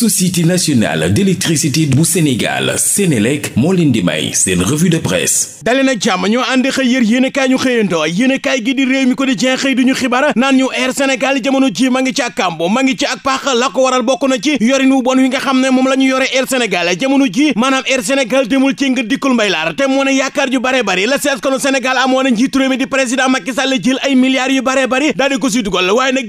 société nationale d'électricité bu Sénégal Sénélec moo leen di may seen revue de presse dalee nag ñoo ànd xëy yër yéen a kaay ñu xëyandoo yéen a kaay gi réew mi ko di jeex xëy duñu xibaar naan ñu Air Sénégal jamono ji ma ngi ci ak kàmbo ma ngi ci nga xam ne moom la ñu yore Air Sénégal jamono ji maanaam Air Sénégal demul ci nga dikkul mbay laar te moo ne yaakaar ju bare bari la seeskanu Sénégal amoon na njiitu réew mi di président Macky Sall jël ay milliards yu bare bari daal di ko si dugal waaye la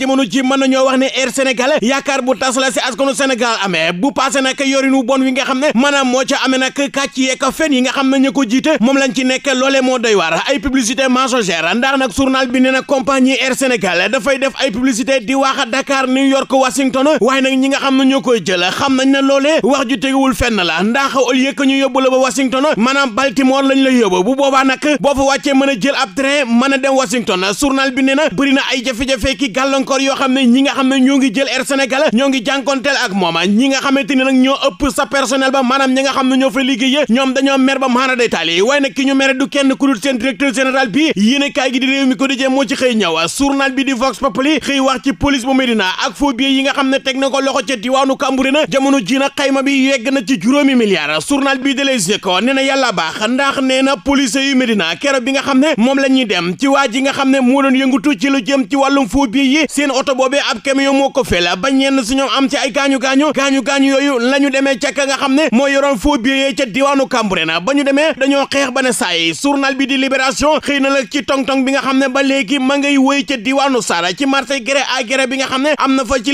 si askanu Sénégal amee bu passé nag yorinu bon wi nga xam ne maanaam moo ca amee nag kàcc yeeg fen yi nga xam ne ñu ko jiite moom lañ ci nekk loolee moo doy waar ay publicité mensongère ndax nag journal bi nee na compagnie Air Sénégal dafay def ay publicité di wax Dakar New York Washington waaye nag ñi nga xam ne ñoo koy jël xam nañ ne loolee wax ju teguwul fenn la ndax au lieu que ñu yóbbu la ba Washington maanaam lañ la yóbbu bu boobaa nag boo fa wàccee mën a jël ab mën a dem Washington journal bi nee na bëri na ay jafe ki gàllankoor yoo xam ne ñi nga xam ñoo ngi jël Air Sénégal ñoo ngi jànkonteel ak moom ñi nga xamante ne nag ñoo ëpp sa personnel ba maanaam ñi nga xam ne ñoo fa liggéeyee ñoom dañoo mer ba maana day taali waaye nag ki ñu mere du kenn ku dul seen directeur général bi yéene kaay gi di réew mi ko dijee moo ci xëy ñëw journal bi di Vox Populi xëy wax ci police bu Medina ak faux billets yi nga xam ne teg na ko loxo ca diwaanu na jamono ji na xayma bi yegg na ci juróomi milliards journal bi de Les Échos yàlla baax ndax nee na police yu Medina keroog bi nga xam ne moom la ñuy dem ci waa ji nga xam ne moo doon yëngutu ci lu jëm ci wàllum faux billets yi oto boobee ab camion moo ko fela ba ñenn su am ci ay gaañu gaañu gaañu-gaañu yooyu la ñu demee ca nga xam ne moo yoroon faux billets ca diwaanu Cambérène ba ñu demee dañoo xeex ba ne saay journal bi di libération xëy na ba léegi ma ngay wéy ca diwaanu Sara ci marché gré à gré bi nga xam ne am na fa ci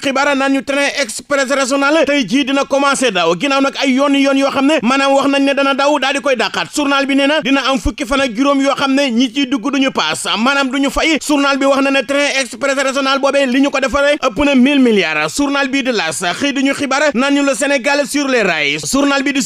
xibaar naan ñu express régional tey jii dina commencé daw ginnaaw nag ay yoon yoon yoo xam ne maanaam wax nañ ne dana daw daal di koy dàqaat journal bi nee dina am fukki fan juróom yoo xam ne ñi ciy dugg duñu paas maanaam du ñu fay journal bi wax na ne train express régional boobee li ñu ko defaree ëpp na 1000 milliards journal bi di laas xëy di ñu xibaar naan ñu la Sénégal sur les rails journal bi di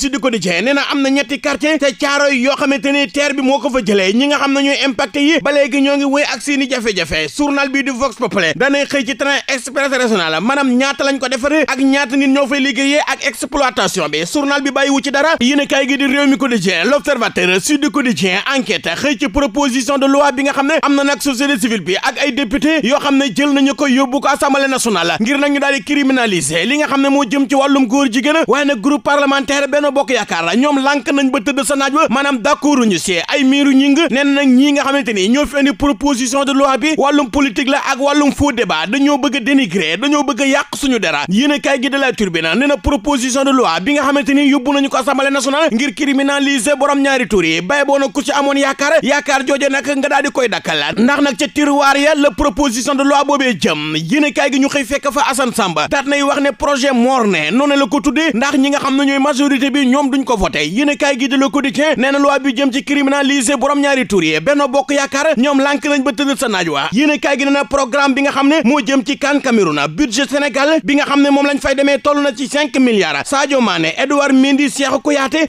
Sud bi di Vox Populi danay xëy ci train express régional maanaam ñaata lañ ko defaree ak ñaata nit ñoo fay liggéeyee ak exploitation bi journal bi bàyyiwu ci dara yéen kaay gi di réew mi quotidien l'observateur Sud Quotidien enquête xëy ci proposition de loi bi nga xam ne am na nag société civile bi ak ay député yoo xam ne jël na ñu ko yóbbu ko assemblée nationale ngir nag ñu daal di criminaliser li nga xam ne moo jëm ci wàllum góor jigéen waaye nag groupe parlementaire benn bokk yaakaar ñoom lànk nañ ba tëdd sa naaj ba maanaam d'accord ñu ci ay miiru ñing neen nag ñii nga xamante ni ñoo fi indi proposition de loi bi wàllum politique la ak wàllum faux débat dañoo bëgg a dénigrer dañoo bëgg a yàq suñu dara yéen kay gi de la turbine nee na proposition de loi nga xamante ni yóbbu nañu ko assemblée nationale ngir criminaliser borom ñaari tur yi bay na ku ci amoon yaakaar yaakaar nag nga daal di koy dakkal la ndax nag ca tiroir ya la proposition de loi boobee jëm yéenekaay gi ñu xëy fekk fa Assane Samba daat nay wax ne projet morne noonu la ko tuddee ndax ñi nga xam ne ñooy majorité bi ñoom duñ ko voté yéenekaay gi de Le Quotidien nee na loi bi jëm ci criminaliser borom ñaari tur yi Benno Bokk Yaakaar ñoom lànk nañ ba tëdd sa naaj waa yéenekaay gi nee na programme bi nga xam ne moo jëm ci CAN Cameroun budget Sénégal bi nga xam ne moom lañu fay demee toll na ci cinq milliards Sadio Mané Edouard Mendy Cheikhou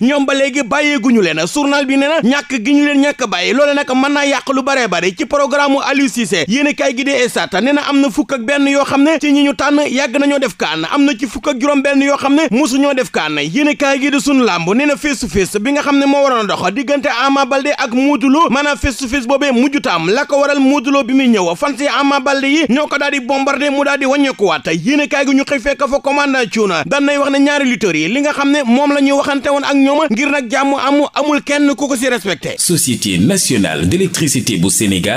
ñoom ba léegi bàyyeeguñu leen journal bi nee na ñàkk gi ñu ñàkk bàyyi loole nag mën naa yàq lu bare ci programme mu Aliou Cissé yéen a kaay gi dee Stades nee na am na fukk ak benn yoo xam ne ci ñi ñu tànn yàgg nañoo def kaan am na ci fukk ak juróom-benn yoo xam ne mosuñoo def kaan yéen a kaay gi de sunu làmb nee na face to nga xam ne moo waroon a dox diggante Ama Baldé ak Modou Lô maanaam face to face boobee mujjutaam la waral Modou Lô bi muy ñëw fan si Ama Baldé yi ñoo ko daal di bombardé mu daal di wàññeekuwaat yéen a kaay gi ñu xëy fekk fa commandant Thiouna wax ne ñaari lutteurs yi li nga xam ne moom la ñuy waxante woon ak ñoom ngir nag jàmm amu amul kenn ku ko si respecté société nationale d'électricité bu Sénégal